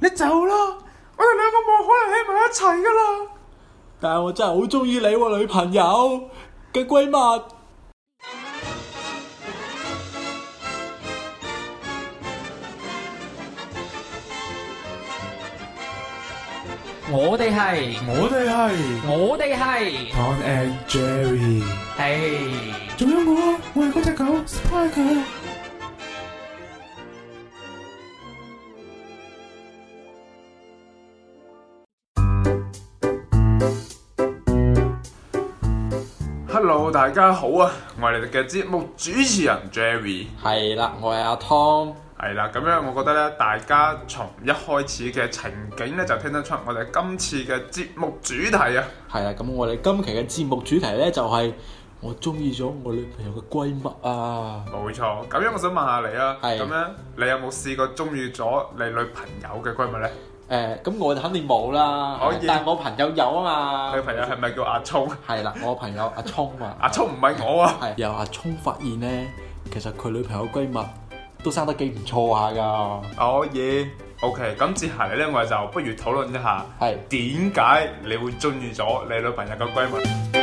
你走啦！我哋兩個冇可能喺埋一齊㗎喇。但係我真係好中意你喎、啊，女朋友嘅閨蜜。我哋係，我哋係，我哋係。Tom and Jerry。係、嗯。仲 Hey. 有我，我係嗰隻狗 Spider。Sp Hello 大家好啊！我係你哋嘅節目主持人 Jerry。係啦，我係阿 Tom。係啦。咁樣我覺得咧，大家從一開始嘅情景咧，就聽得出我哋今次嘅節目主題啊。係啦，咁我哋今期嘅節目主題咧，就係我中意咗我女朋友嘅閨蜜啊。冇錯，咁樣我想問下你啊，係，咁樣你有冇試過中意咗你女朋友嘅閨蜜咧？誒咁、欸、我就肯定冇啦，oh, yeah. 但係我朋友有啊嘛。你朋友係咪叫阿聰？係啦， 我朋友阿聰嘛 阿聰啊。阿聰唔係我啊，由阿聰發現咧，其實佢女朋友閨蜜都生得幾唔錯下㗎。可以。OK，咁接下嚟咧，我就不如討論一下，係點解你會中意咗你女朋友嘅閨蜜？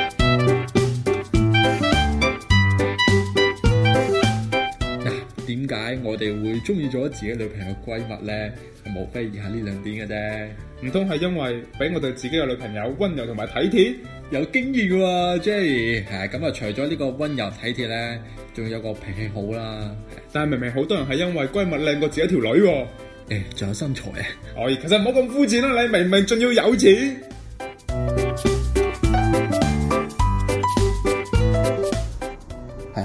解我哋會中意咗自己女朋友閨蜜咧，無非以下呢兩點嘅啫，唔通係因為比我哋自己嘅女朋友温柔同埋體貼有經驗喎，J，係咁啊，Jay，啊就除咗呢個温柔體貼咧，仲有個脾氣好啦，啊，但係明明好多人係因為閨蜜靚過自己條女，啊，誒仲、欸、有身材啊，我其實唔好咁膚淺啦，你明明仲要有錢。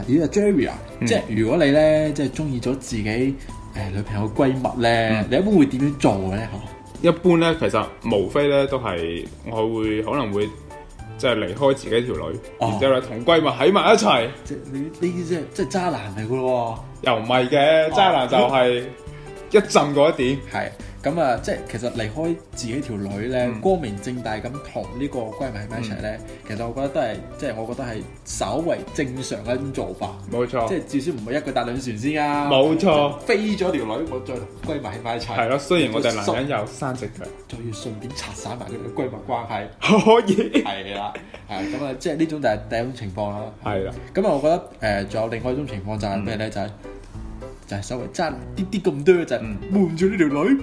咦啊、uh，Jerry 啊，嗯、即係如果你咧，即係中意咗自己誒、呃、女朋友嘅閨蜜咧，嗯、你一般會點樣做嘅咧？嚇，一般咧其實無非咧都係我會可能會即係離開自己條女，然之後同閨蜜喺埋一齊。即係你呢啲即係即係渣男嚟嘅喎，又唔係嘅，渣男就係一浸過一點，係、啊。咁啊，即係其實離開自己條女咧，光明正大咁同呢個閨蜜喺埋一齊咧，其實我覺得都係，即係我覺得係稍為正常嘅一種做法。冇錯，即係至少唔會一個搭兩船先啊。冇錯，飛咗條女，我再同閨蜜喺埋一齊。係咯，雖然我哋男人有三隻腳，就要順便拆散埋佢哋嘅閨蜜關係。可以。係啦，係咁啊，即係呢種就係第一種情況啦。係啦，咁啊，我覺得誒，仲有另外一種情況就係咩咧？就係就係稍微爭啲啲咁多嘅就係瞞住呢條女。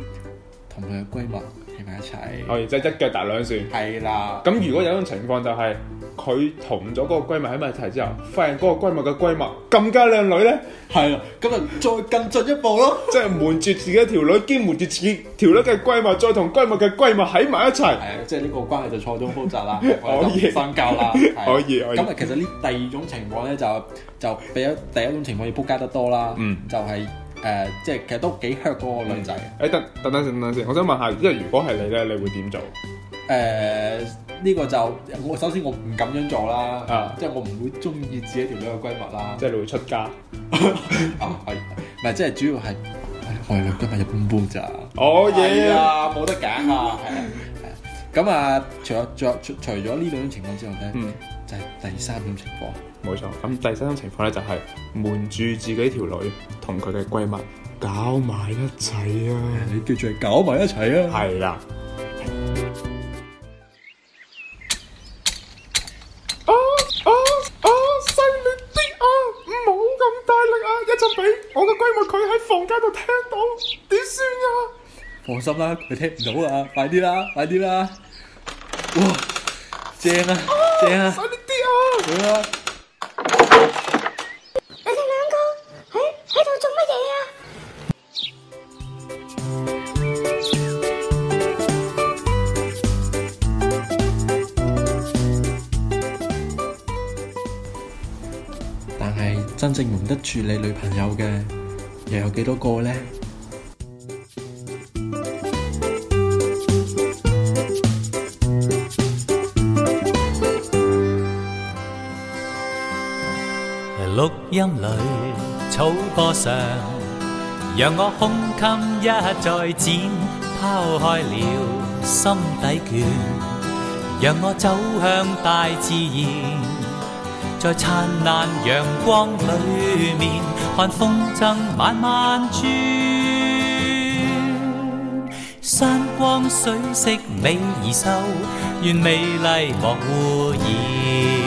同佢嘅閨蜜喺埋一齊，哦，即係一腳踏兩船，係啦。咁 如果有一種情況就係佢同咗嗰個閨蜜喺埋一齊之後，發現嗰個閨蜜嘅閨蜜咁加靚女咧，係啦，咁 啊再更進一步咯、 啊，即係瞞住自己條女兼瞞住自己條女嘅閨蜜，再同閨蜜嘅閨蜜喺埋一齊，係即係呢個關係就錯綜複雜啦，可以 生交啦，可以，可以。咁啊， 其實呢第二種情況咧就就比第一種情況要撲街得多啦，嗯， 就係、是。誒，即係、呃、其實都幾 hurt 嗰個女仔、嗯。誒、欸，等等等先，等先，我想問下，即係如果係你咧，你會點做？誒、呃，呢、這個就我首先我唔咁樣做啦，啊、即係我唔會中意自己條女嘅閨蜜啦，即係你會出家。係、 啊，唔係即係主要係我哋兩閨蜜一般般咋。好嘢、oh, yeah, 啊，冇 yeah, 得揀 啊。係、嗯、啊，咁啊，除咗除咗除除咗呢兩種情況之外咧。嗯就係第三種情況，冇錯。咁第三種情況咧就係瞞住自己條女，同佢嘅閨蜜搞埋一齊啊！你記住係搞埋一齊啊！係啦了。啊！啊！啊！細力啲啊，唔好咁大力啊！一陣俾我嘅閨蜜，佢喺房間度聽到，點算啊？放心啦，佢聽唔到啊！快啲啦，快啲啦！哇！正啊，正啊！你跌啊！你哋兩個喺喺度做乜嘢啊？但係真正瞞得住你女朋友嘅，又有幾多個呢？綠蔭裏，草坡上，讓我胸襟一再展，拋開了心底倦，讓我走向大自然，在燦爛陽光裏面，看風箏慢慢轉，山光水色美而秀，願美麗莫污染。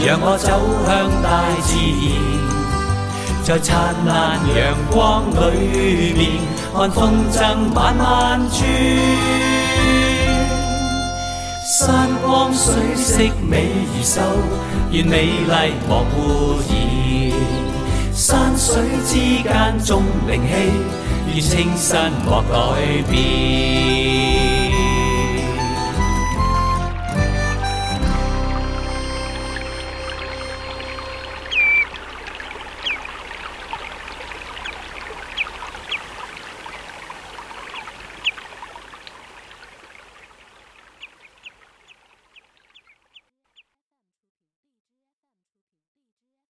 讓我走向大自然，在燦爛陽光裏面，看風箏慢慢轉。山光水色美如繡，願美麗莫污染。山水之間鍾靈氣，願清新莫改變。